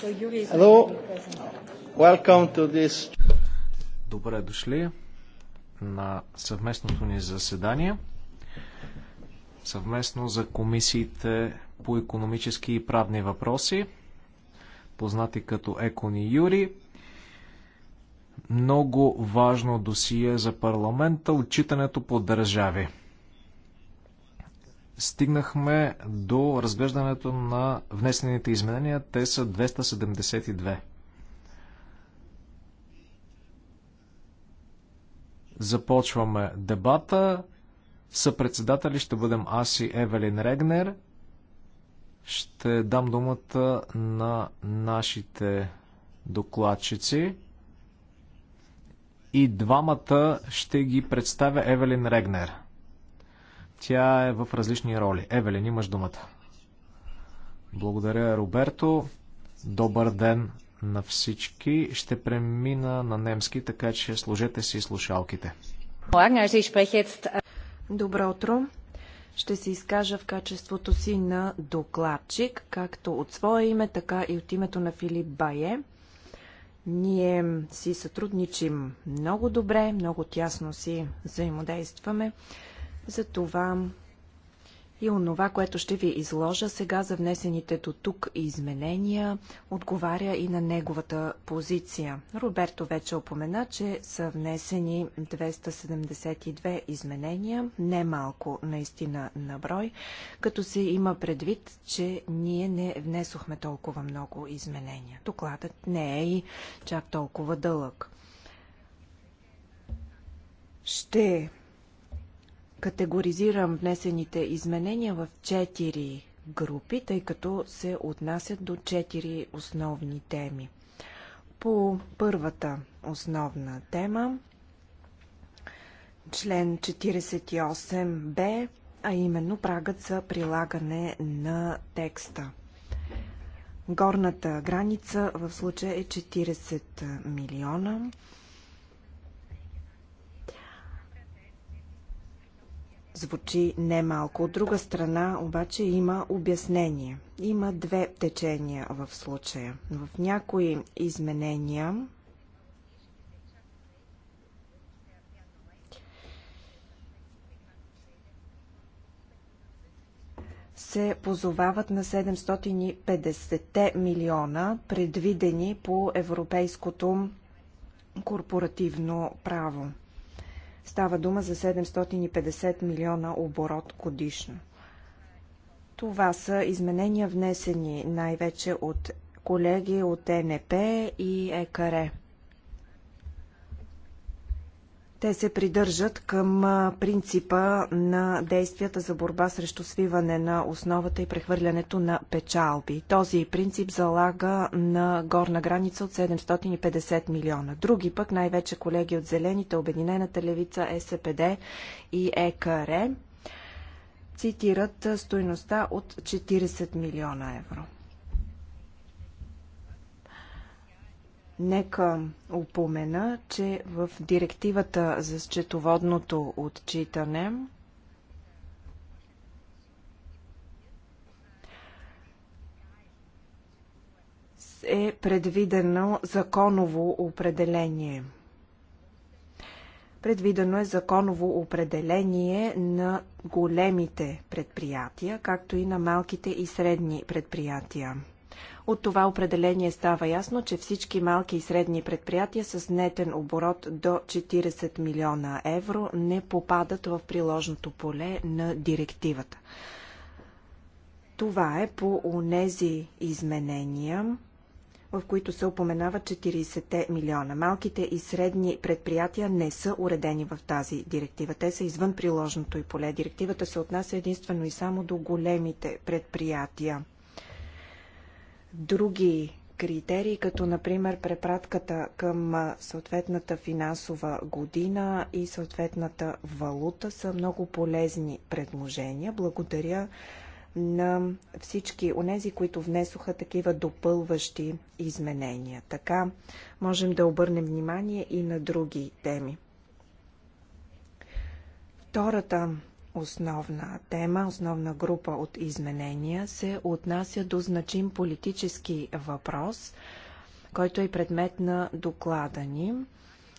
Hello. Welcome to this. Добре дошли на съвместното ни заседание. Съвместно за комисиите по економически и правни въпроси, познати като Екони Юри. Много важно досие за парламента, отчитането по държави стигнахме до разглеждането на внесените изменения. Те са 272. Започваме дебата. Съпредседатели ще бъдем аз и Евелин Регнер. Ще дам думата на нашите докладчици. И двамата ще ги представя Евелин Регнер. Тя е в различни роли. Евелин, имаш думата. Благодаря, Роберто. Добър ден на всички. Ще премина на немски, така че служете си слушалките. Добро утро! Ще се изкажа в качеството си на докладчик, както от свое име, така и от името на Филип Бае. Ние си сътрудничим много добре, много тясно си взаимодействаме. Затова и онова, което ще ви изложа сега за внесените до тук изменения, отговаря и на неговата позиция. Роберто вече опомена, че са внесени 272 изменения, немалко наистина на брой, като се има предвид, че ние не внесохме толкова много изменения. Докладът не е и чак толкова дълъг. Ще категоризирам внесените изменения в четири групи, тъй като се отнасят до четири основни теми. По първата основна тема, член 48б, а именно прагът за прилагане на текста. Горната граница в случая е 40 милиона. звучи немалко. От друга страна обаче има обяснение. Има две течения в случая. В някои изменения се позовават на 750 милиона, предвидени по европейското корпоративно право. Става дума за 750 милиона оборот годишно. Това са изменения внесени най-вече от колеги от ЕНП и ЕКАРЕ. Те се придържат към принципа на действията за борба срещу свиване на основата и прехвърлянето на печалби. Този принцип залага на горна граница от 750 милиона. Други пък, най-вече колеги от Зелените, Обединената левица, СПД и ЕКР, цитират стоеността от 40 милиона евро. Нека упомена, че в директивата за счетоводното отчитане е предвидено законово определение. Предвидено е законово определение на големите предприятия, както и на малките и средни предприятия. От това определение става ясно, че всички малки и средни предприятия с нетен оборот до 40 милиона евро не попадат в приложното поле на директивата. Това е по онези изменения, в които се упоменава 40 милиона. Малките и средни предприятия не са уредени в тази директива. Те са извън приложното и поле. Директивата се отнася единствено и само до големите предприятия други критерии, като например препратката към съответната финансова година и съответната валута са много полезни предложения. Благодаря на всички онези, които внесоха такива допълващи изменения. Така можем да обърнем внимание и на други теми. Втората основна тема, основна група от изменения се отнася до значим политически въпрос, който е предмет на доклада ни.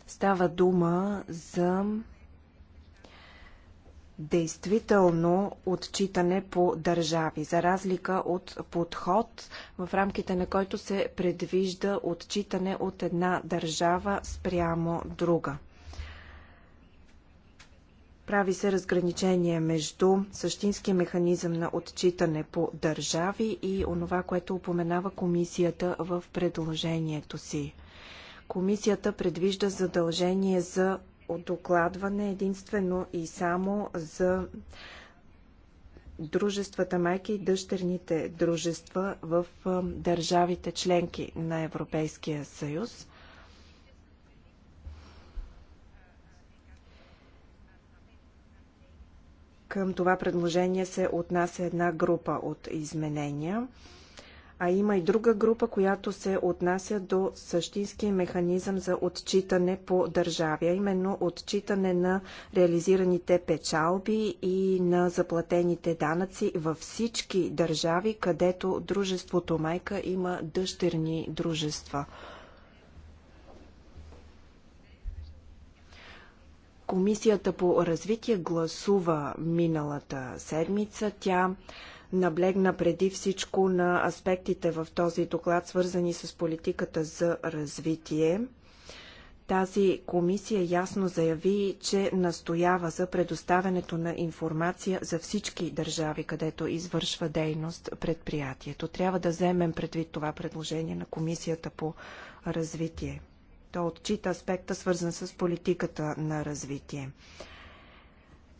Става дума за действително отчитане по държави, за разлика от подход, в рамките на който се предвижда отчитане от една държава спрямо друга. Прави се разграничение между същинския механизъм на отчитане по държави и онова, което упоменава комисията в предложението си. Комисията предвижда задължение за докладване единствено и само за дружествата майки и дъщерните дружества в държавите членки на Европейския съюз. Към това предложение се отнася една група от изменения, а има и друга група, която се отнася до същинския механизъм за отчитане по държави, а именно отчитане на реализираните печалби и на заплатените данъци във всички държави, където дружеството майка има дъщерни дружества. Комисията по развитие гласува миналата седмица. Тя наблегна преди всичко на аспектите в този доклад, свързани с политиката за развитие. Тази комисия ясно заяви, че настоява за предоставянето на информация за всички държави, където извършва дейност предприятието. Трябва да вземем предвид това предложение на Комисията по развитие. Той отчита аспекта, свързан с политиката на развитие.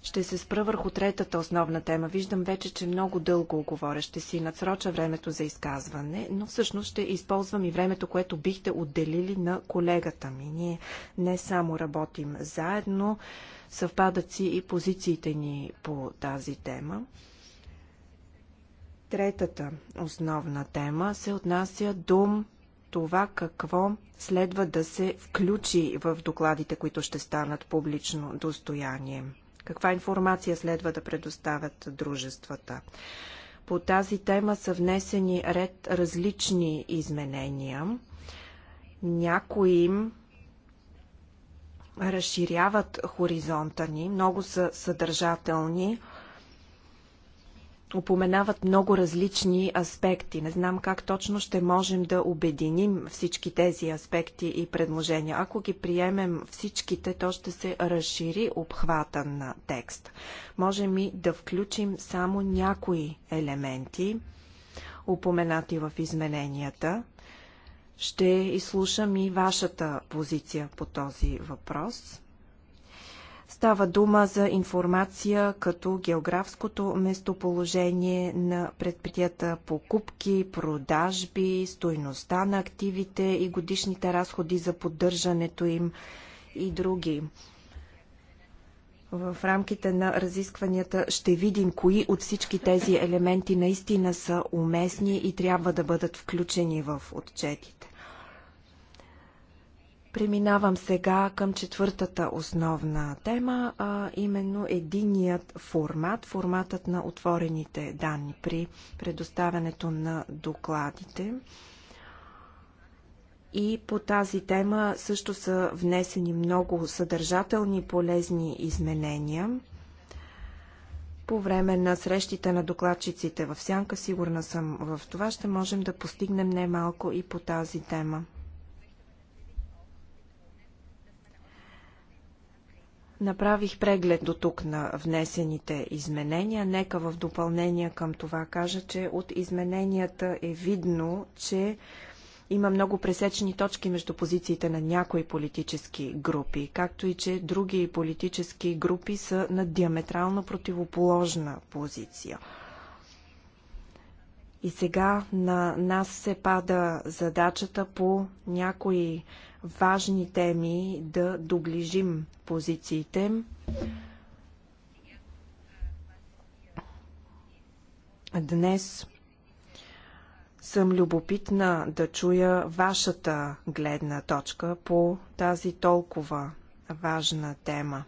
Ще се спра върху третата основна тема. Виждам вече, че много дълго говоря. Ще си надсроча времето за изказване, но всъщност ще използвам и времето, което бихте отделили на колегата ми. Ние не само работим заедно, съвпадат си и позициите ни по тази тема. Третата основна тема се отнася до това какво следва да се включи в докладите, които ще станат публично достояние. Каква информация следва да предоставят дружествата? По тази тема са внесени ред различни изменения. Някои им разширяват хоризонта ни, много са съдържателни, упоменават много различни аспекти. Не знам как точно ще можем да обединим всички тези аспекти и предложения. Ако ги приемем всичките, то ще се разшири обхвата на текст. Можем и да включим само някои елементи, упоменати в измененията. Ще изслушам и вашата позиция по този въпрос. Става дума за информация като географското местоположение на предприятията покупки, продажби, стойността на активите и годишните разходи за поддържането им и други. В рамките на разискванията ще видим кои от всички тези елементи наистина са уместни и трябва да бъдат включени в отчетите. Преминавам сега към четвъртата основна тема, а именно единият формат, форматът на отворените данни при предоставянето на докладите. И по тази тема също са внесени много съдържателни и полезни изменения. По време на срещите на докладчиците в Сянка, сигурна съм в това, ще можем да постигнем немалко и по тази тема. Направих преглед до тук на внесените изменения. Нека в допълнение към това кажа, че от измененията е видно, че има много пресечни точки между позициите на някои политически групи, както и че други политически групи са на диаметрално противоположна позиция. И сега на нас се пада задачата по някои важни теми да доближим позициите. Днес съм любопитна да чуя вашата гледна точка по тази толкова важна тема.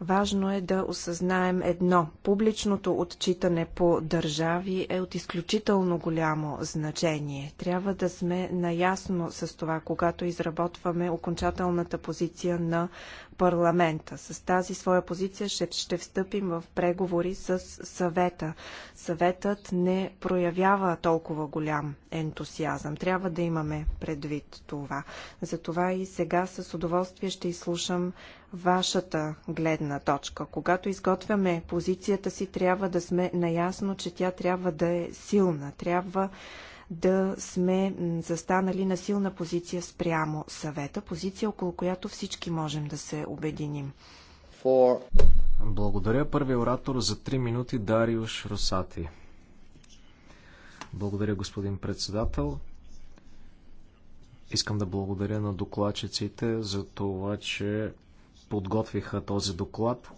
Важно е да осъзнаем едно. Публичното отчитане по държави е от изключително голямо значение. Трябва да сме наясно с това, когато изработваме окончателната позиция на парламента. С тази своя позиция ще, ще встъпим в преговори с съвета. Съветът не проявява толкова голям ентусиазъм. Трябва да имаме предвид това. Затова и сега с удоволствие ще изслушам вашата гледна точка. Когато изготвяме позицията си, трябва да сме наясно, че тя трябва да е силна. Трябва да сме застанали на силна позиция спрямо съвета, позиция около която всички можем да се обединим. Благодаря първи оратор за 3 минути Дариуш Русати. Благодаря господин председател. Искам да благодаря на докладчиците за това, че подготвиха този доклад.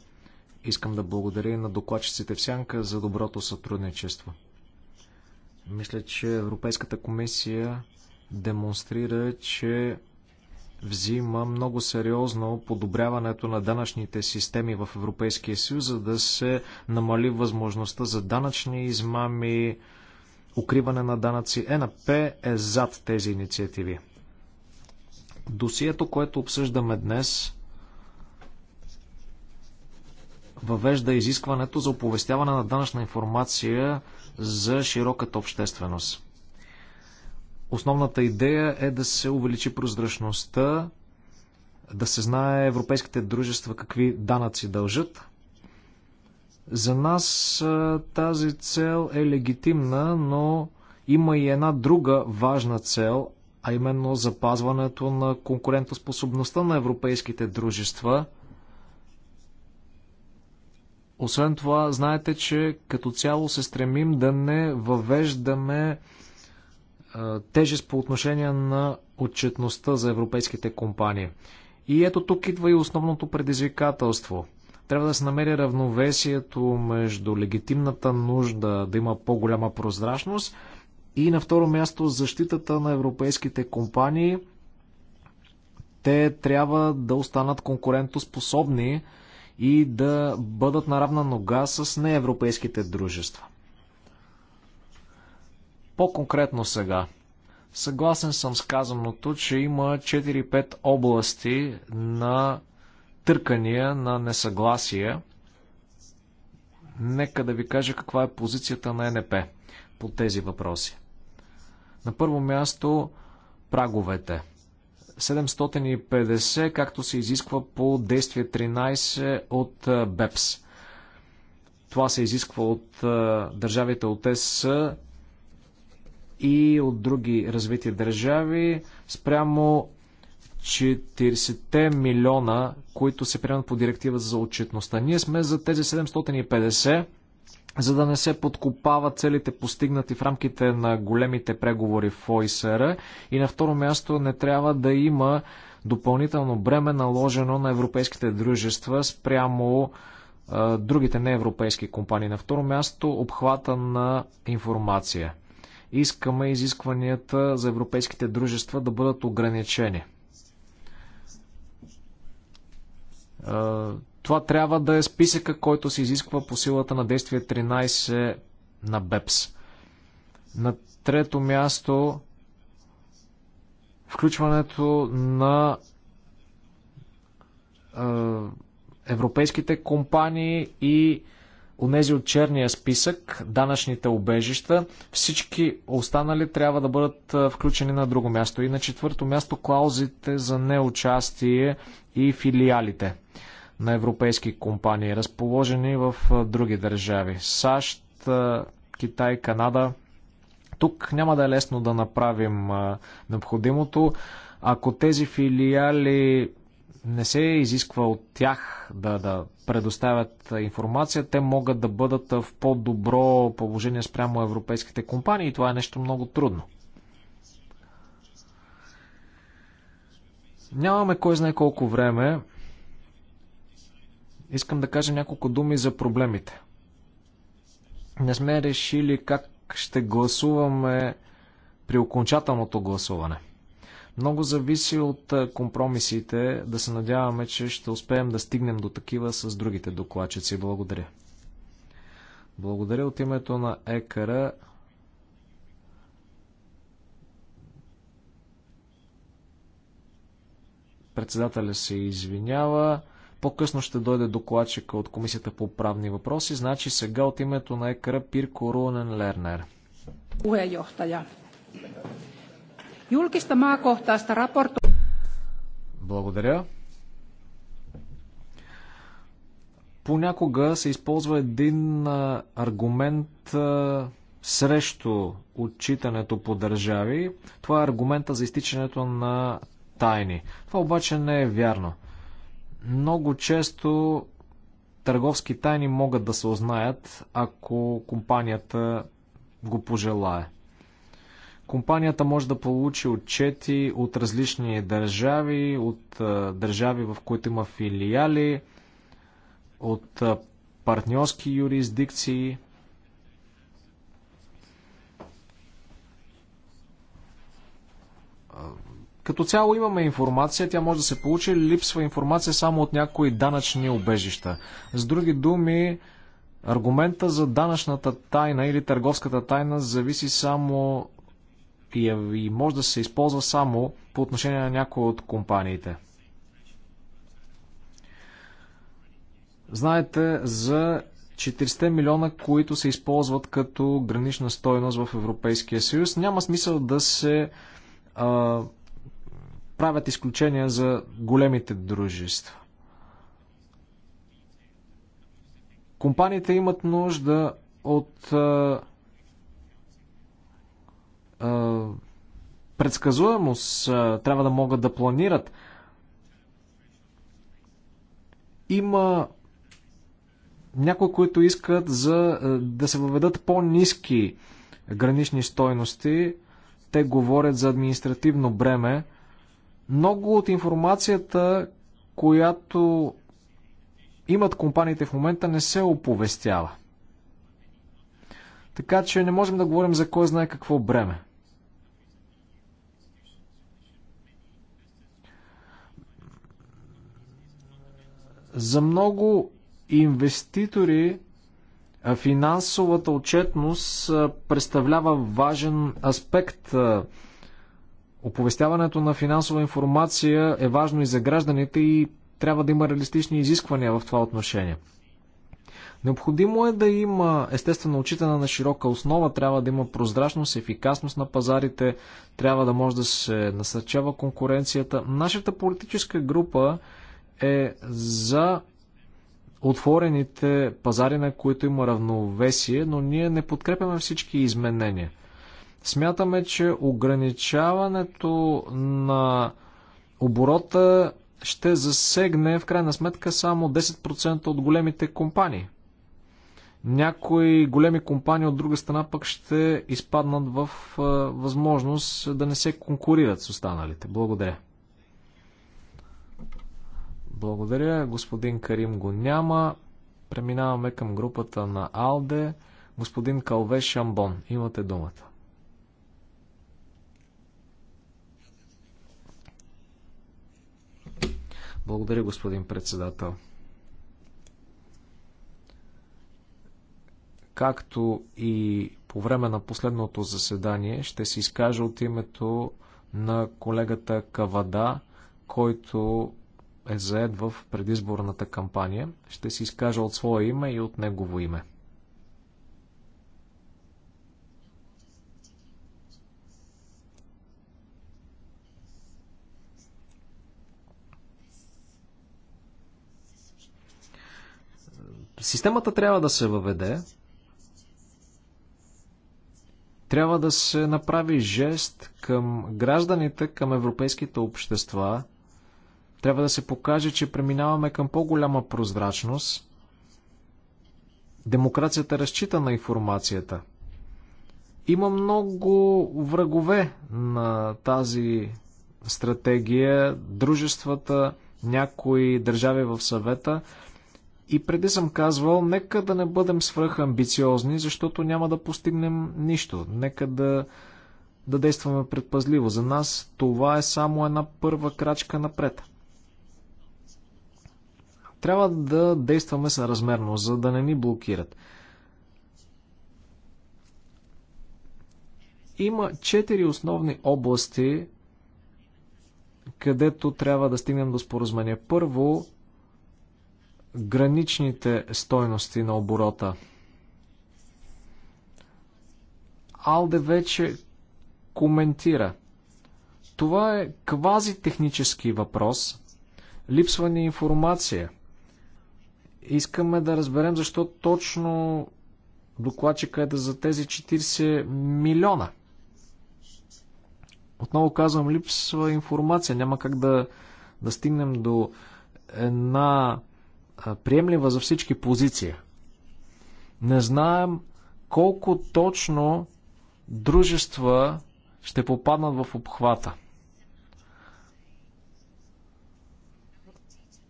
Искам да благодаря и на докладчиците в Сянка за доброто сътрудничество. Мисля, че Европейската комисия демонстрира, че взима много сериозно подобряването на данъчните системи в Европейския съюз, за да се намали възможността за данъчни измами, укриване на данъци. ЕНП е зад тези инициативи. Досието, което обсъждаме днес, въвежда изискването за оповестяване на данъчна информация за широката общественост. Основната идея е да се увеличи прозрачността, да се знае европейските дружества какви данъци дължат. За нас тази цел е легитимна, но има и една друга важна цел, а именно запазването на конкурентоспособността на европейските дружества – освен това, знаете, че като цяло се стремим да не въвеждаме е, тежест по отношение на отчетността за европейските компании. И ето тук идва и основното предизвикателство. Трябва да се намери равновесието между легитимната нужда да има по-голяма прозрачност и на второ място защитата на европейските компании. Те трябва да останат конкурентоспособни, и да бъдат на равна нога с неевропейските дружества. По-конкретно сега. Съгласен съм с казаното, че има 4-5 области на търкания, на несъгласия. Нека да ви кажа каква е позицията на НП по тези въпроси. На първо място праговете. 750, както се изисква по действие 13 от БЕПС. Това се изисква от държавите от ЕС и от други развити държави спрямо 40 милиона, които се приемат по директива за отчетността. Ние сме за тези 750 за да не се подкопават целите постигнати в рамките на големите преговори в ОИСР. И на второ място не трябва да има допълнително бреме наложено на европейските дружества спрямо е, другите неевропейски компании. На второ място обхвата на информация. Искаме изискванията за европейските дружества да бъдат ограничени това трябва да е списъка, който се изисква по силата на действие 13 на БЕПС. На трето място включването на е, европейските компании и унези от черния списък, данъчните обежища, всички останали трябва да бъдат включени на друго място. И на четвърто място клаузите за неучастие и филиалите на европейски компании, разположени в други държави. САЩ, Китай, Канада. Тук няма да е лесно да направим необходимото. Ако тези филиали не се изисква от тях да, да предоставят информация, те могат да бъдат в по-добро положение спрямо европейските компании и това е нещо много трудно. Нямаме кой знае колко време. Искам да кажа няколко думи за проблемите. Не сме решили как ще гласуваме при окончателното гласуване. Много зависи от компромисите. Да се надяваме, че ще успеем да стигнем до такива с другите докладчици. Благодаря. Благодаря от името на Екара. Председателя се извинява. По-късно ще дойде докладчика от Комисията по правни въпроси, значи сега от името на екара Пирко Руонен Лернер. Благодаря. Понякога се използва един аргумент срещу отчитането по държави. Това е аргумента за изтичането на тайни. Това обаче не е вярно. Много често търговски тайни могат да се узнаят, ако компанията го пожелае. Компанията може да получи отчети от различни държави, от държави, в които има филиали, от партньорски юрисдикции. Като цяло имаме информация, тя може да се получи, липсва информация само от някои данъчни обежища. С други думи, аргумента за данъчната тайна или търговската тайна зависи само и, е- и може да се използва само по отношение на някои от компаниите. Знаете за 400 милиона, които се използват като гранична стойност в Европейския съюз. Няма смисъл да се а, правят изключения за големите дружества. Компаниите имат нужда от а, а, предсказуемост, а, трябва да могат да планират. Има някои, които искат за, а, да се въведат по-низки гранични стойности. Те говорят за административно бреме. Много от информацията, която имат компаниите в момента, не се оповестява. Така че не можем да говорим за кой знае какво бреме. За много инвеститори финансовата отчетност представлява важен аспект Оповестяването на финансова информация е важно и за гражданите и трябва да има реалистични изисквания в това отношение. Необходимо е да има естествено отчитане на широка основа, трябва да има прозрачност, ефикасност на пазарите, трябва да може да се насърчава конкуренцията. Нашата политическа група е за отворените пазари, на които има равновесие, но ние не подкрепяме всички изменения – Смятаме, че ограничаването на оборота ще засегне в крайна сметка само 10% от големите компании. Някои големи компании от друга страна пък ще изпаднат в възможност да не се конкурират с останалите. Благодаря. Благодаря. Господин Карим го няма. Преминаваме към групата на Алде. Господин Калве Шамбон, имате думата. Благодаря, господин председател. Както и по време на последното заседание, ще се изкажа от името на колегата Кавада, който е заед в предизборната кампания. Ще се изкажа от свое име и от негово име. Системата трябва да се въведе. Трябва да се направи жест към гражданите, към европейските общества. Трябва да се покаже, че преминаваме към по-голяма прозрачност. Демокрацията разчита на информацията. Има много врагове на тази стратегия. Дружествата, някои държави в съвета и преди съм казвал, нека да не бъдем свръхамбициозни, защото няма да постигнем нищо. Нека да, да действаме предпазливо. За нас това е само една първа крачка напред. Трябва да действаме съразмерно, за да не ни блокират. Има четири основни области, където трябва да стигнем до споразумение. Първо, граничните стойности на оборота. Алде вече коментира. Това е квази технически въпрос. Липсва ни информация. Искаме да разберем защо точно докладчика е да за тези 40 милиона. Отново казвам, липсва информация. Няма как да, да стигнем до една приемлива за всички позиция. Не знаем колко точно дружества ще попаднат в обхвата.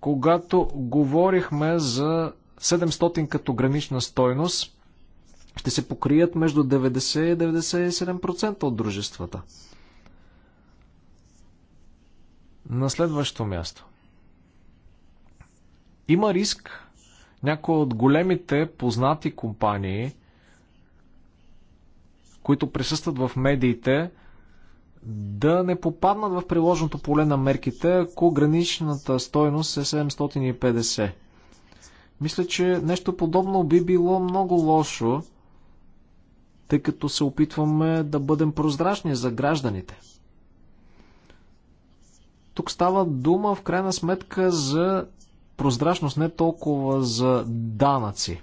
Когато говорихме за 700 като гранична стойност, ще се покрият между 90 и 97% от дружествата. На следващо място. Има риск някои от големите познати компании, които присъстват в медиите, да не попаднат в приложното поле на мерките, ако граничната стойност е 750. Мисля, че нещо подобно би било много лошо, тъй като се опитваме да бъдем прозрачни за гражданите. Тук става дума в крайна сметка за прозрачност, не толкова за данъци.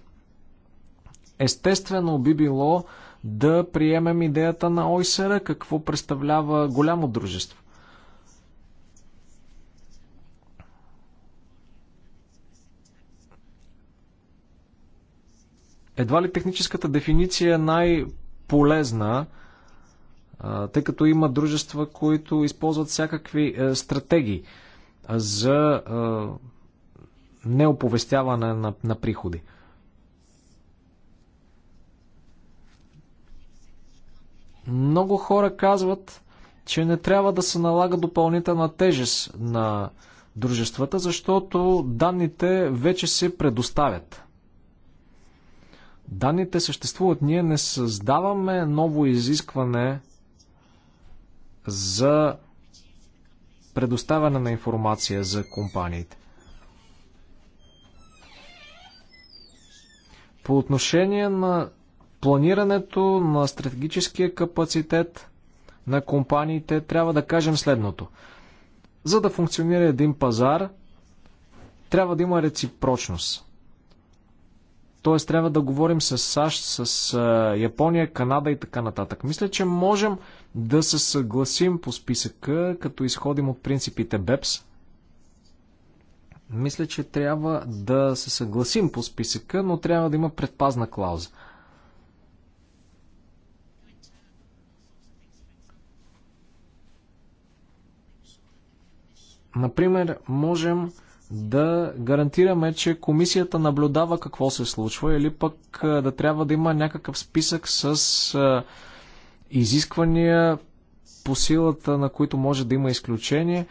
Естествено би било да приемем идеята на ОИСР, какво представлява голямо дружество. Едва ли техническата дефиниция е най-полезна, тъй като има дружества, които използват всякакви е, стратегии за е, неоповестяване на, на приходи. Много хора казват, че не трябва да се налага допълнителна тежест на дружествата, защото данните вече се предоставят. Данните съществуват, ние не създаваме ново изискване за предоставяне на информация за компаниите. По отношение на планирането на стратегическия капацитет на компаниите, трябва да кажем следното. За да функционира един пазар, трябва да има реципрочност. Тоест, трябва да говорим с САЩ, с Япония, Канада и така нататък. Мисля, че можем да се съгласим по списъка, като изходим от принципите БЕПС. Мисля, че трябва да се съгласим по списъка, но трябва да има предпазна клауза. Например, можем да гарантираме, че комисията наблюдава какво се случва или пък да трябва да има някакъв списък с изисквания по силата на които може да има изключение.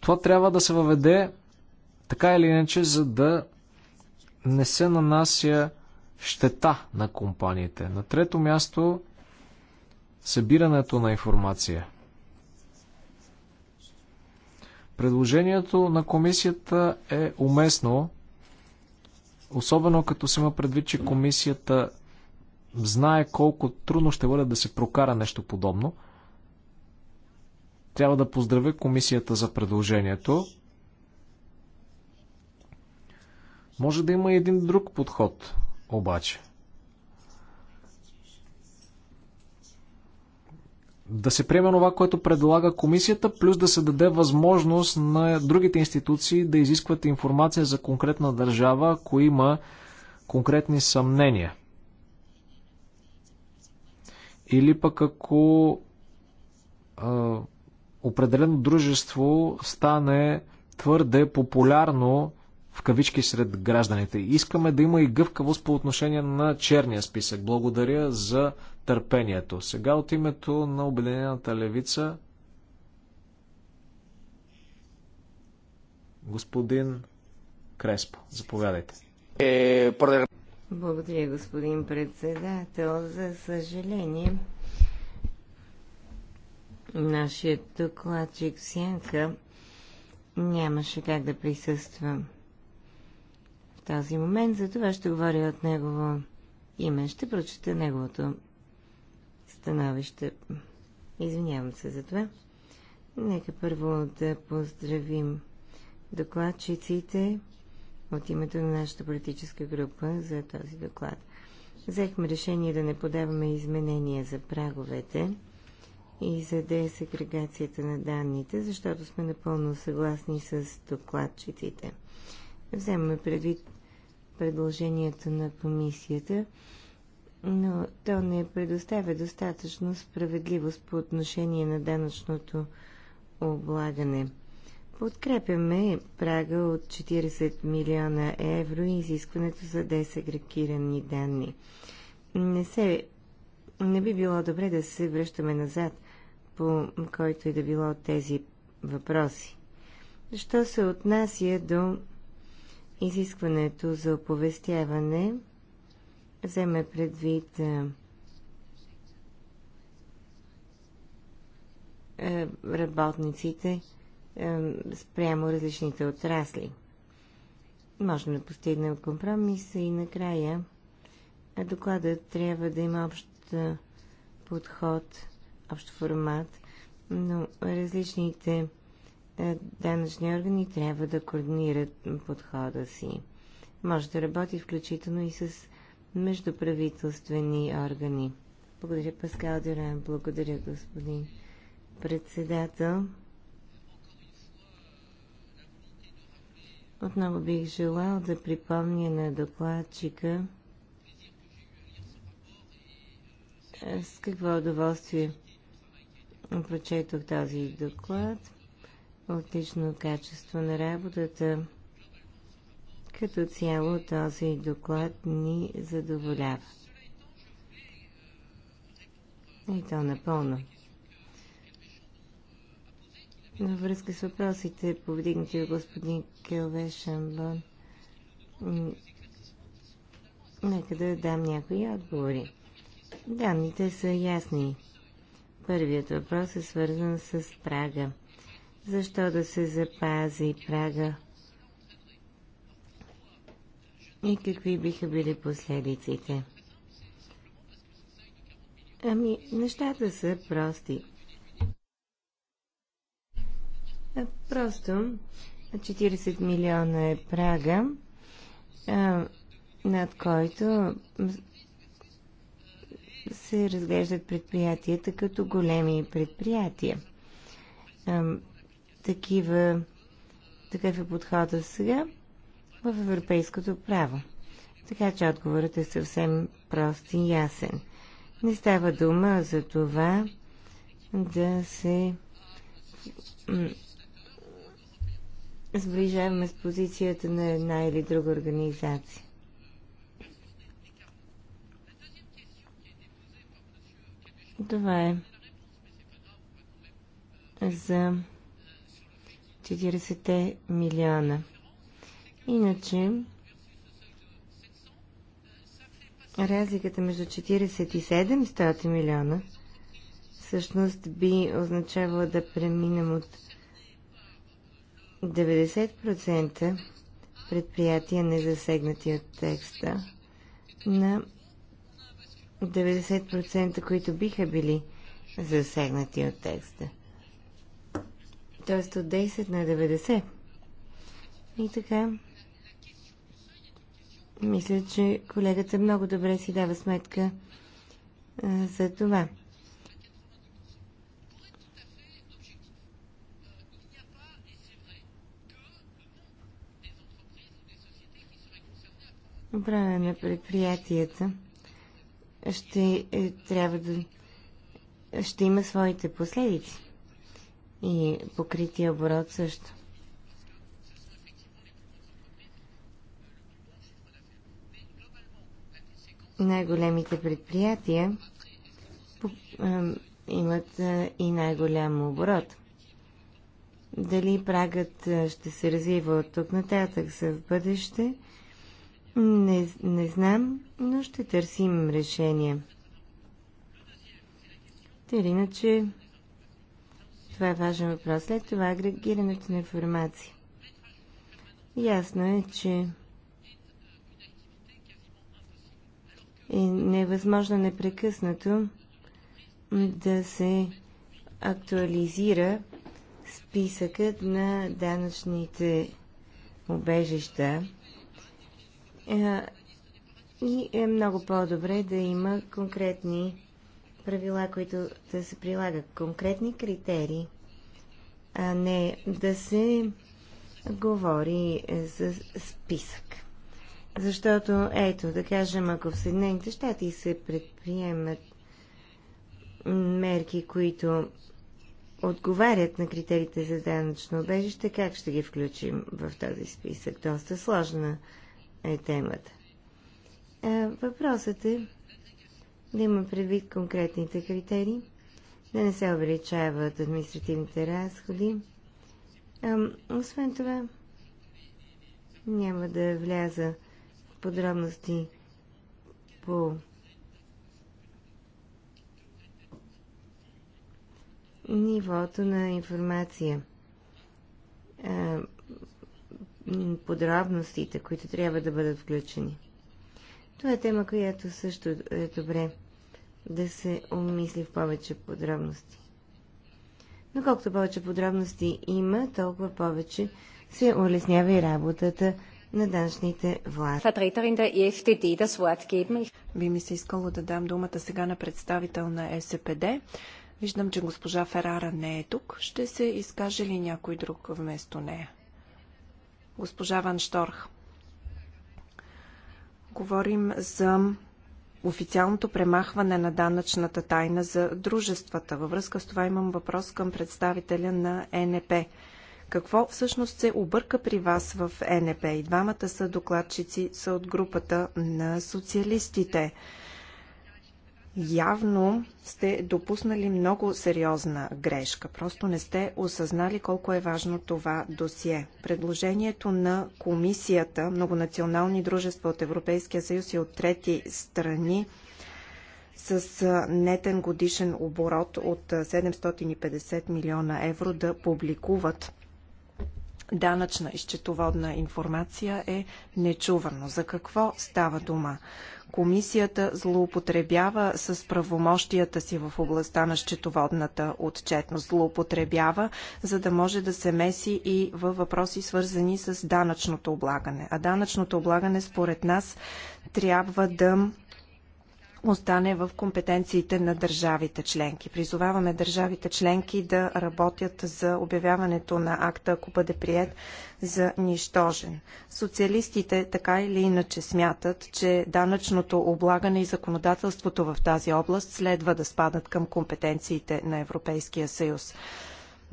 Това трябва да се въведе така или иначе, за да не се нанася щета на компаниите. На трето място събирането на информация. Предложението на комисията е уместно, особено като се има предвид, че комисията знае колко трудно ще бъде да се прокара нещо подобно. Трябва да поздравя комисията за предложението. Може да има един друг подход, обаче. Да се приеме това, което предлага комисията, плюс да се даде възможност на другите институции да изискват информация за конкретна държава, ако има конкретни съмнения. Или пък ако определено дружество стане твърде популярно в кавички сред гражданите. Искаме да има и гъвкавост по отношение на черния списък. Благодаря за търпението. Сега от името на Обединената левица господин Креспо. Заповядайте. Благодаря, господин председател. За съжаление, нашият докладчик Сянка нямаше как да присъства този момент, за това ще говоря от негово име. Ще прочета неговото становище. Извинявам се за това. Нека първо да поздравим докладчиците от името на нашата политическа група за този доклад. Взехме решение да не подаваме изменения за праговете и за десегрегацията на данните, защото сме напълно съгласни с докладчиците. Вземаме предвид предложението на комисията, но то не предоставя достатъчно справедливост по отношение на данъчното облагане. Подкрепяме прага от 40 милиона евро и изискването за десегрегирани данни. Не, се, не би било добре да се връщаме назад по който и да било от тези въпроси. Що се отнася до изискването за оповестяване вземе предвид е, е, работниците е, спрямо различните отрасли. Можем да постигнем компромис и накрая докладът трябва да има общ подход, общ формат, но различните е, данъчни органи трябва да координират подхода си. Може да работи включително и с междуправителствени органи. Благодаря, Паскал Дюрен. Благодаря, господин председател. Отново бих желал да припомня на докладчика е, с какво удоволствие прочетох този доклад отлично качество на работата. Като цяло този доклад ни задоволява. И то напълно. Във връзка с въпросите, повдигнати от господин Келве Шамбон, нека да дам някои отговори. Данните са ясни. Първият въпрос е свързан с прага – защо да се запази прага? И какви биха били последиците? Ами, нещата са прости. Просто 40 милиона е прага, над който се разглеждат предприятията като големи предприятия такива, такъв е подхода сега в европейското право. Така че отговорът е съвсем прост и ясен. Не става дума за това да се сближаваме с позицията на една или друга организация. Това е за 40 милиона. Иначе, разликата между 40 и 700 милиона всъщност би означавала да преминем от 90% предприятия незасегнати от текста на 90%, които биха били засегнати от текста. Тоест от 10 на 90. И така, мисля, че колегата много добре си дава сметка а, за това. Броя на предприятията ще е, трябва да ще има своите последици и покрития оборот също. Най-големите предприятия имат и най-голям оборот. Дали прагът ще се развива от тук нататък за в бъдеще, не, не знам, но ще търсим решение. Те иначе това е важен въпрос. След това агрегирането на информация. Ясно е, че е невъзможно непрекъснато да се актуализира списъкът на данъчните убежища. Е, и е много по-добре да има конкретни правила, които да се прилагат, конкретни критерии, а не да се говори за списък. Защото, ето, да кажем, ако в Съединените щати се предприемат мерки, които отговарят на критериите за данъчно убежище, как ще ги включим в този списък? Доста сложна е темата. Въпросът е да има предвид конкретните критерии, да не се увеличават административните разходи. А, освен това, няма да вляза в подробности по нивото на информация. подробностите, които трябва да бъдат включени. Това е тема, която също е добре да се умисли в повече подробности. Но колкото повече подробности има, толкова повече се улеснява и работата на данъчните власти. E Би ми се искало да дам думата сега на представител на СПД. Виждам, че госпожа Ферара не е тук. Ще се изкаже ли някой друг вместо нея? Госпожа Ван Шторх. Говорим за официалното премахване на данъчната тайна за дружествата. Във връзка с това имам въпрос към представителя на НП. Какво всъщност се обърка при вас в НП? И двамата са докладчици са от групата на социалистите. Явно сте допуснали много сериозна грешка. Просто не сте осъзнали колко е важно това досие. Предложението на комисията, многонационални дружества от Европейския съюз и от трети страни, с нетен годишен оборот от 750 милиона евро да публикуват данъчна изчетоводна информация е нечувано. За какво става дума? комисията злоупотребява с правомощията си в областта на счетоводната отчетност. Злоупотребява, за да може да се меси и във въпроси свързани с данъчното облагане. А данъчното облагане според нас трябва да остане в компетенциите на държавите членки. Призоваваме държавите членки да работят за обявяването на акта, ако бъде прият за нищожен. Социалистите така или иначе смятат, че данъчното облагане и законодателството в тази област следва да спадат към компетенциите на Европейския съюз.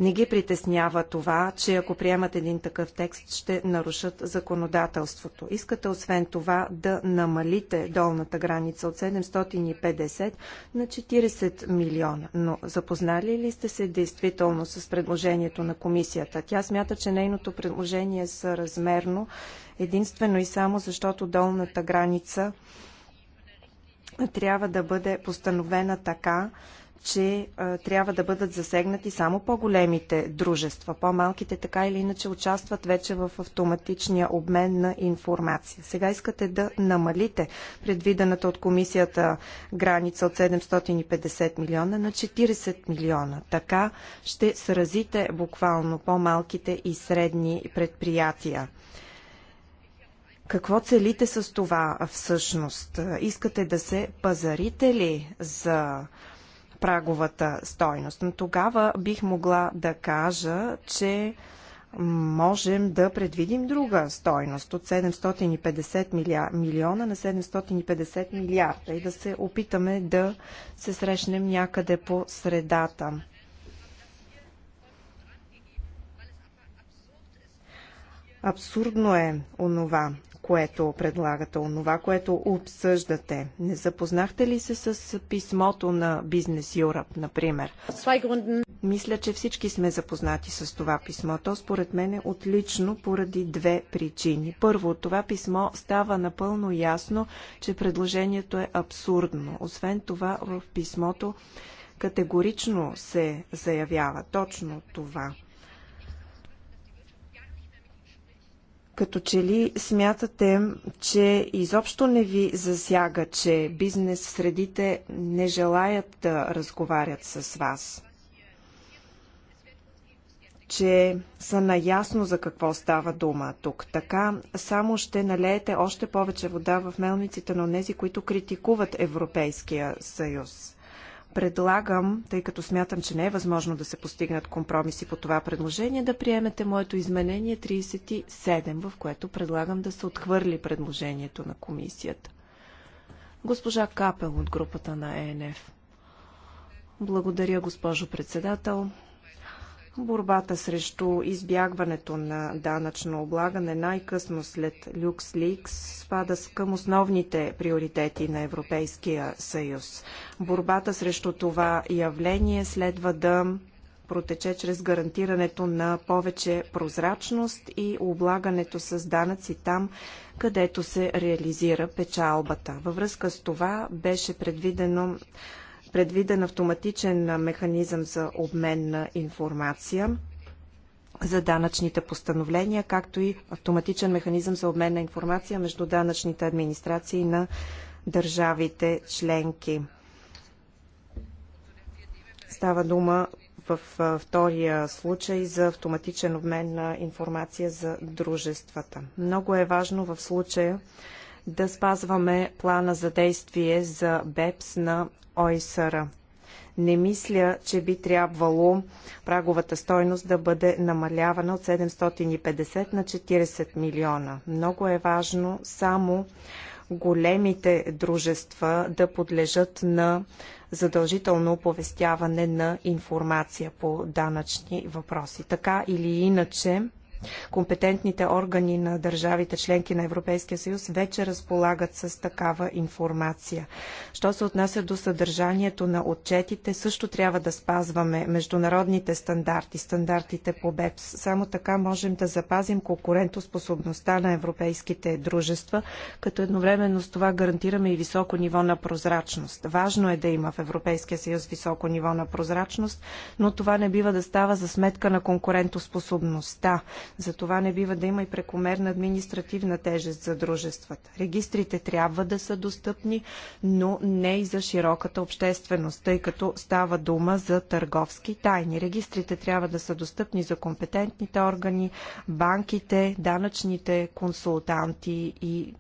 Не ги притеснява това, че ако приемат един такъв текст, ще нарушат законодателството. Искате освен това да намалите долната граница от 750 на 40 милиона. Но запознали ли сте се действително с предложението на комисията? Тя смята, че нейното предложение е съразмерно единствено и само защото долната граница трябва да бъде постановена така, че а, трябва да бъдат засегнати само по-големите дружества. По-малките така или иначе участват вече в автоматичния обмен на информация. Сега искате да намалите предвидената от комисията граница от 750 милиона на 40 милиона. Така ще сразите буквално по-малките и средни предприятия. Какво целите с това всъщност? Искате да се пазарите ли за праговата стойност. Но тогава бих могла да кажа, че можем да предвидим друга стойност от 750 милиона, милиона на 750 милиарда и да се опитаме да се срещнем някъде по средата. Абсурдно е онова, което предлагате, онова, което обсъждате. Не запознахте ли се с писмото на Бизнес Юрап, например? Мисля, че всички сме запознати с това писмо. То според мен е отлично поради две причини. Първо, това писмо става напълно ясно, че предложението е абсурдно. Освен това, в писмото категорично се заявява точно това – Като че ли смятате, че изобщо не ви засяга, че бизнес средите не желаят да разговарят с вас? че са наясно за какво става дума тук. Така само ще налеете още повече вода в мелниците на тези, които критикуват Европейския съюз предлагам, тъй като смятам, че не е възможно да се постигнат компромиси по това предложение, да приемете моето изменение 37, в което предлагам да се отхвърли предложението на комисията. Госпожа Капел от групата на ЕНФ. Благодаря, госпожо председател борбата срещу избягването на данъчно облагане най-късно след Ликс спада към основните приоритети на Европейския съюз. Борбата срещу това явление следва да протече чрез гарантирането на повече прозрачност и облагането с данъци там, където се реализира печалбата. Във връзка с това беше предвидено предвиден автоматичен механизъм за обмен на информация за данъчните постановления, както и автоматичен механизъм за обмен на информация между данъчните администрации на държавите членки. Става дума в втория случай за автоматичен обмен на информация за дружествата. Много е важно в случая да спазваме плана за действие за БЕПС на ОИСР. Не мисля, че би трябвало праговата стойност да бъде намалявана от 750 на 40 милиона. Много е важно само големите дружества да подлежат на задължително оповестяване на информация по данъчни въпроси. Така или иначе, Компетентните органи на държавите членки на Европейския съюз вече разполагат с такава информация. Що се отнася до съдържанието на отчетите, също трябва да спазваме международните стандарти, стандартите по БЕПС. Само така можем да запазим конкурентоспособността на европейските дружества, като едновременно с това гарантираме и високо ниво на прозрачност. Важно е да има в Европейския съюз високо ниво на прозрачност, но това не бива да става за сметка на конкурентоспособността. Затова не бива да има и прекомерна административна тежест за дружествата. Регистрите трябва да са достъпни, но не и за широката общественост, тъй като става дума за търговски тайни. Регистрите трябва да са достъпни за компетентните органи, банките, данъчните консултанти и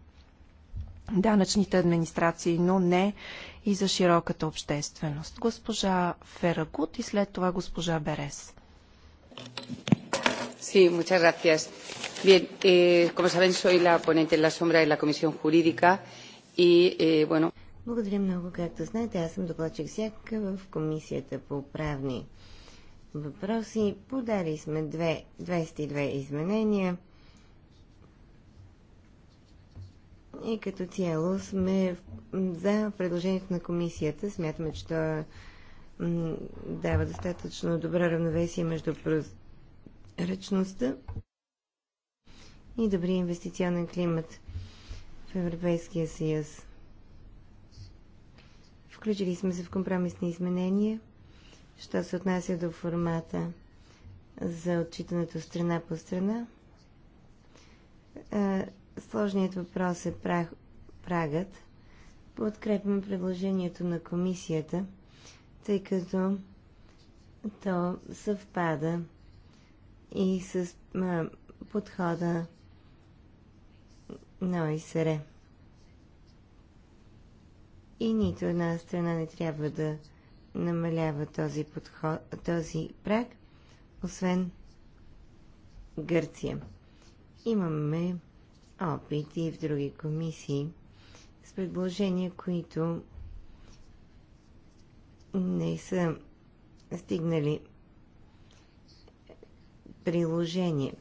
данъчните администрации, но не и за широката общественост. Госпожа Ферагут и след това госпожа Берес. Sí, muchas eh, como saben, soy la ponente en la sombra de la Comisión Jurídica и, eh, bueno... Благодаря много. Както знаете, аз съм докладчик всяка в Комисията по правни въпроси. Подали сме две, 22 изменения. И като цяло сме за предложението на комисията. Смятаме, че то дава достатъчно добра равновесие между ръчността и добрия инвестиционен климат в Европейския съюз. Включили сме се в компромисни изменения, що се отнася до формата за отчитането страна по страна. Е, сложният въпрос е прагът. Подкрепяме предложението на комисията, тъй като то съвпада и с а, подхода на ОСР. И нито една страна не трябва да намалява този, подход, този прак, освен Гърция. Имаме опит и в други комисии с предложения, които не са стигнали приложение.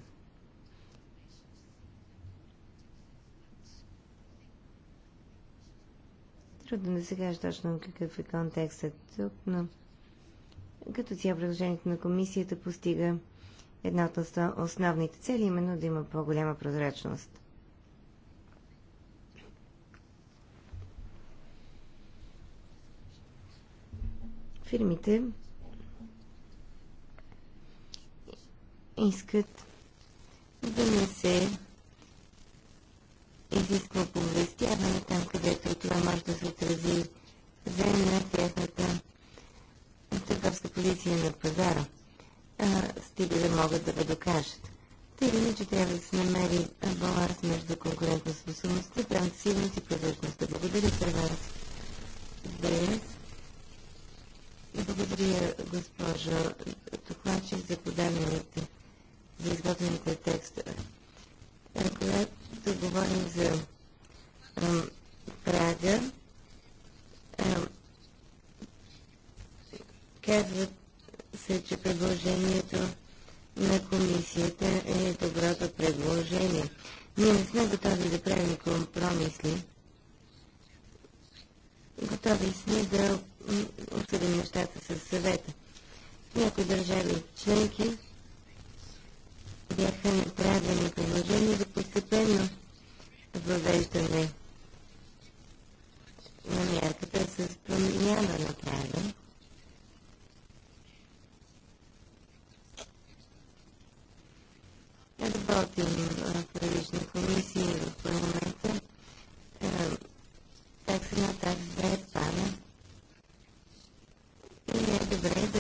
Трудно да се каже точно какъв е контекстът тук, но като цяло предложението на комисията постига една от основните цели, именно да има по-голяма прозрачност. Фирмите искат да не се изисква повестяване там, където това може да се отрази време на тяхната търговска позиция на пазара, а, стига да могат да го докажат. Тъй или иначе трябва да се намери баланс между конкурентоспособността, правната сигурност и прозрачността. Благодаря, за вас. Благодаря, госпожо Тухлачев, за подадените за изготвените текстове. Когато говорим за прага, казва казват се, че предложението на комисията е доброто предложение. Ние не сме готови да правим компромисли. Готови сме да обсъдим нещата с съвета. Някои държави членки бяха направени предложения за постепенно въвеждане на мярката с промяна на прага. Работим в различни комисии в парламента. Такса на такса е пара. И е добре да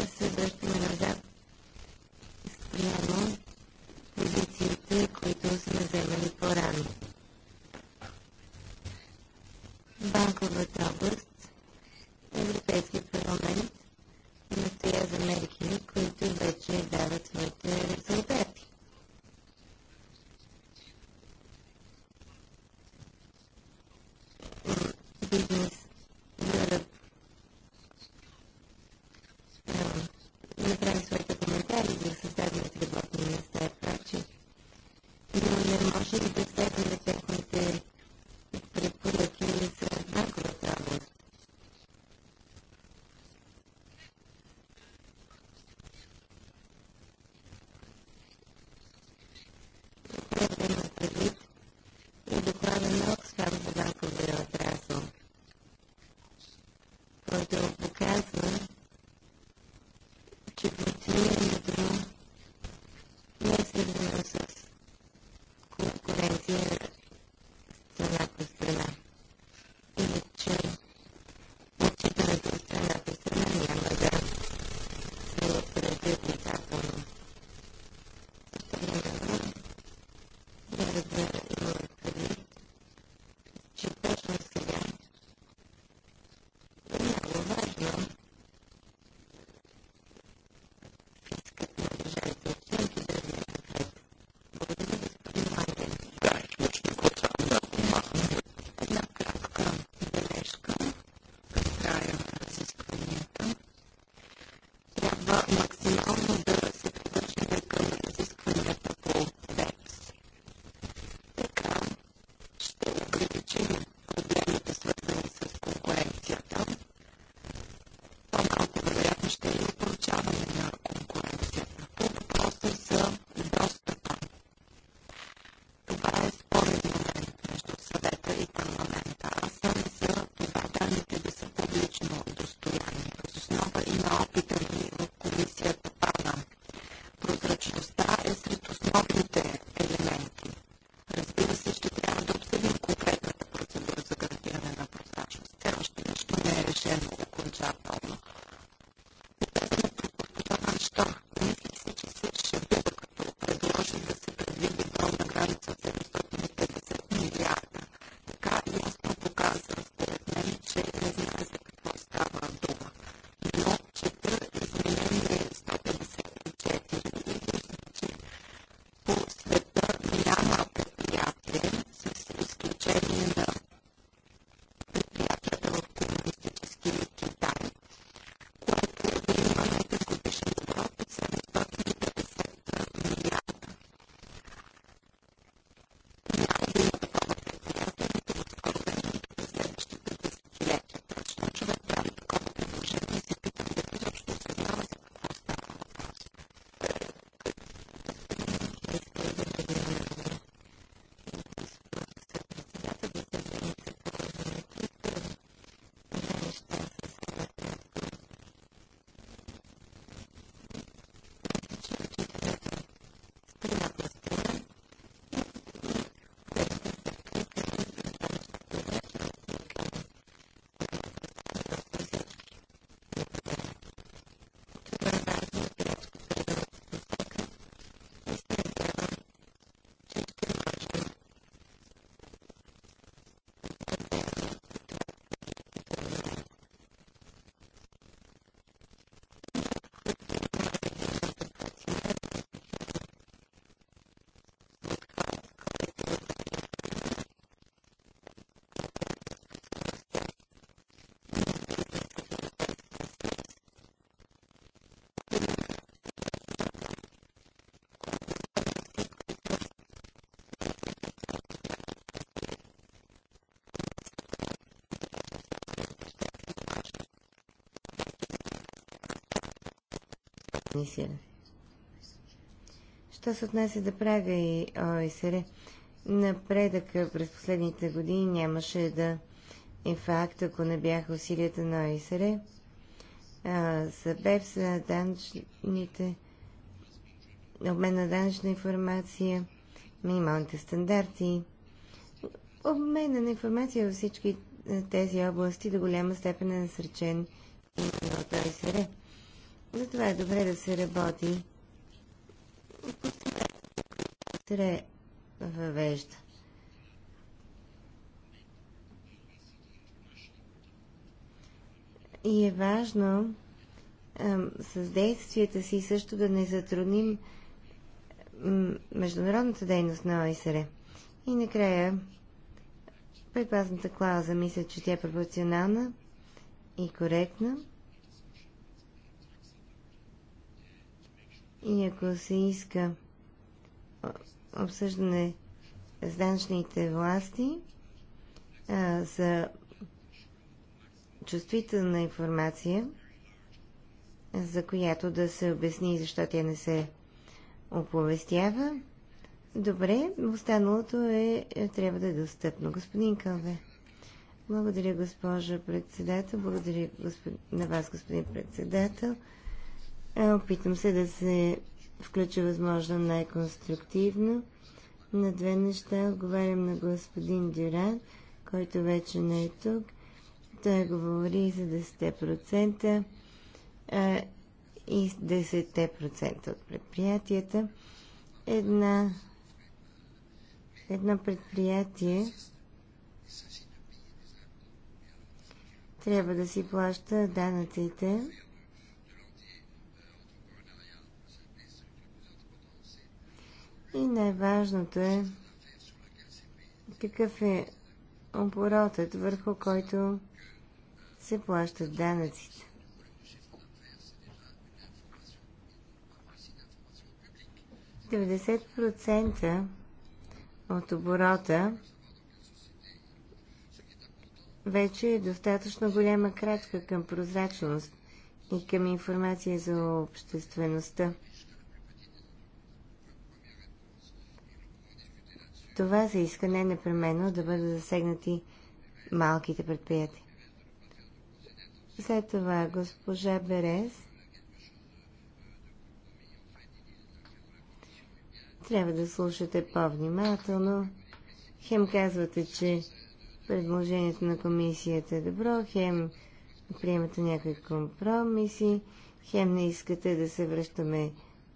ни Що се отнася да прави и ОСР, напредък през последните години нямаше да е факт, ако не бяха усилията на ОСР, за БЕПС, данъчните, обмен на данъчна информация, минималните стандарти, обмен на информация във всички тези области до голяма степен е насречен именно от ОСР. Затова е добре да се работи Тре въвежда. И е важно с действията си също да не затрудним международната дейност на ОИСР. И накрая, предпазната клауза мисля, че тя е пропорционална и коректна. И ако се иска обсъждане с данъчните власти а, за чувствителна информация, за която да се обясни защо тя не се оповестява, добре, останалото е, е трябва да е достъпно. Господин Калве. Благодаря, госпожа председател. Благодаря на вас, господин председател. Е, опитам се да се включа възможно най-конструктивно. На две неща отговарям на господин Дюран, който вече не е тук. Той говори за 10% а, и 10% от предприятията. Една, едно предприятие трябва да си плаща данъците И най-важното е какъв е оборотът, върху който се плащат данъците. от оборота вече е достатъчно голяма крачка към прозрачност и към информация за обществеността. това иска не непременно да бъдат засегнати малките предприятия. След това госпожа Берез трябва да слушате по-внимателно. Хем казвате, че предложението на комисията е добро, хем приемате някои компромиси, хем не искате да се връщаме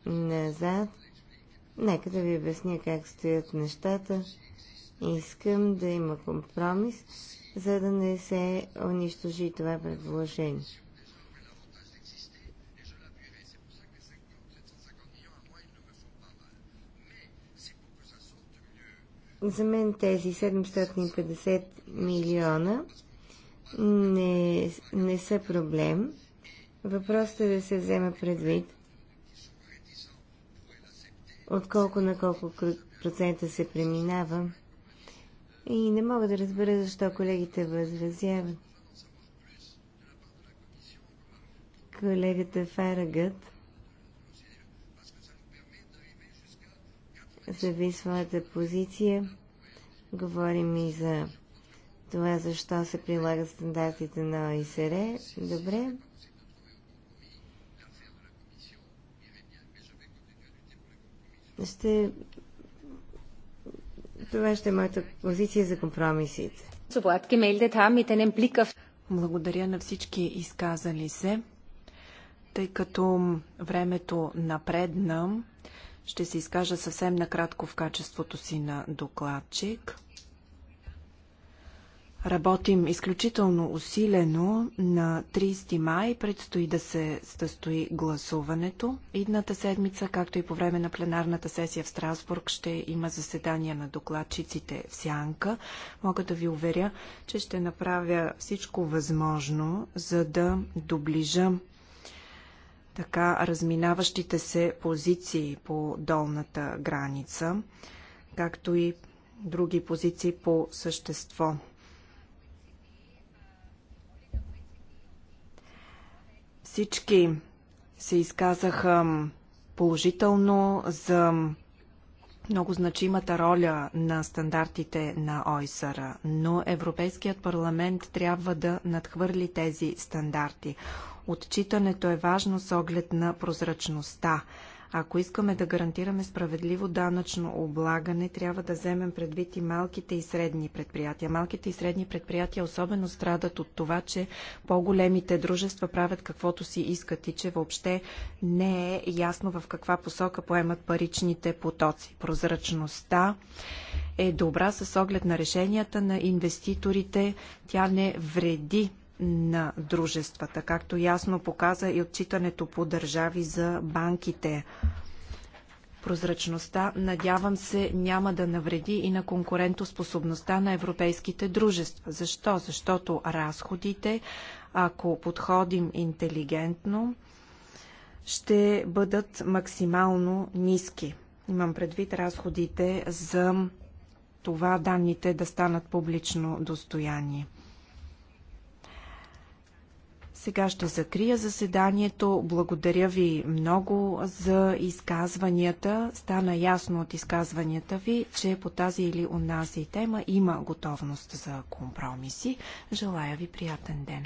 назад – Нека да ви обясня как стоят нещата. Искам да има компромис, за да не се унищожи това предложение. За мен тези 750 милиона не, не са проблем. Въпросът е да се вземе предвид отколко на колко процента се преминава. И не мога да разбера защо колегите възразяват. Колегата Фарагът заяви своята позиция. Говорим и за това защо се прилагат стандартите на ОИСР. Добре, Ще... Това ще е моята позиция за компромисите. Благодаря на всички изказали се. Тъй като времето напредна, ще се изкажа съвсем накратко в качеството си на докладчик – Работим изключително усилено. На 30 май предстои да се състои гласуването. Идната седмица, както и по време на пленарната сесия в Страсбург, ще има заседания на докладчиците в Сянка. Мога да ви уверя, че ще направя всичко възможно, за да доближа така разминаващите се позиции по долната граница, както и други позиции по същество. Всички се изказаха положително за много значимата роля на стандартите на ОИСР, но Европейският парламент трябва да надхвърли тези стандарти. Отчитането е важно с оглед на прозрачността. Ако искаме да гарантираме справедливо данъчно облагане, трябва да вземем предвид и малките и средни предприятия. Малките и средни предприятия особено страдат от това, че по-големите дружества правят каквото си искат и че въобще не е ясно в каква посока поемат паричните потоци. Прозрачността е добра с оглед на решенията на инвеститорите. Тя не вреди на дружествата, както ясно показа и отчитането по държави за банките. Прозрачността, надявам се, няма да навреди и на конкурентоспособността на европейските дружества. Защо? Защото разходите, ако подходим интелигентно, ще бъдат максимално ниски. Имам предвид разходите за това данните да станат публично достояние. Сега ще закрия заседанието. Благодаря ви много за изказванията. Стана ясно от изказванията ви, че по тази или онази тема има готовност за компромиси. Желая ви приятен ден.